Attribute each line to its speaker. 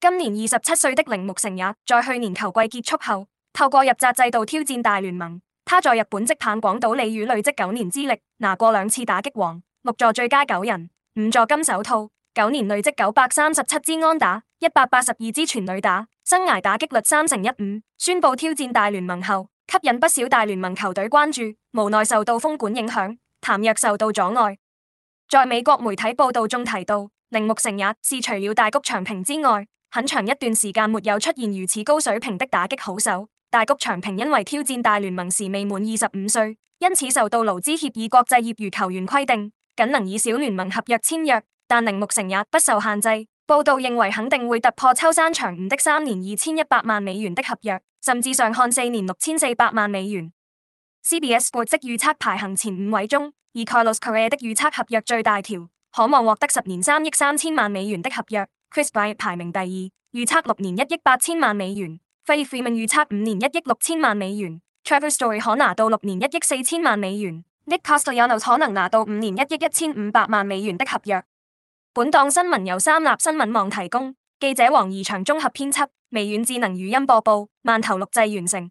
Speaker 1: 今年二十七歲的鈴木誠也在去年球季結束後，透過入閘制度挑戰大聯盟。他在日本職棒廣島鯉魚累積九年之力，拿過兩次打擊王，六座最佳九人，五座金手套，九年累積九百三十七支安打，一百八十二支全壘打，生涯打擊率三成一五。宣布挑戰大聯盟後，吸引不少大聯盟球隊關注，無奈受到封館影響，談約受到阻礙。在美國媒體報道中提到。鈴木誠也是除了大谷翔平之外，很長一段時間沒有出現如此高水平的打擊好手。大谷翔平因為挑戰大聯盟時未滿二十五歲，因此受到勞資協議國際業餘球員規定，僅能以小聯盟合約簽約，但鈴木誠也不受限制。報道認為肯定會突破秋山翔吾的三年二千一百萬美元的合約，甚至上看四年六千四百萬美元。CBS 國際預測排行前五位中，以 Carlos Correa 的預測合約最大條。可望獲得十年三億三千萬美元的合約，Kris Bryant 排名第二，預測六年一億八千萬美元，Fay Freeman 預測五年一億六千萬美元，Travis Story 可拿到六年一億四千萬美元，Nick Castellanos 可能拿到五年一億一千五百萬美元的合約。本檔新聞由三立新聞網提供，記者王怡翔綜合編輯，微軟智能語音播報，饅頭錄製完成。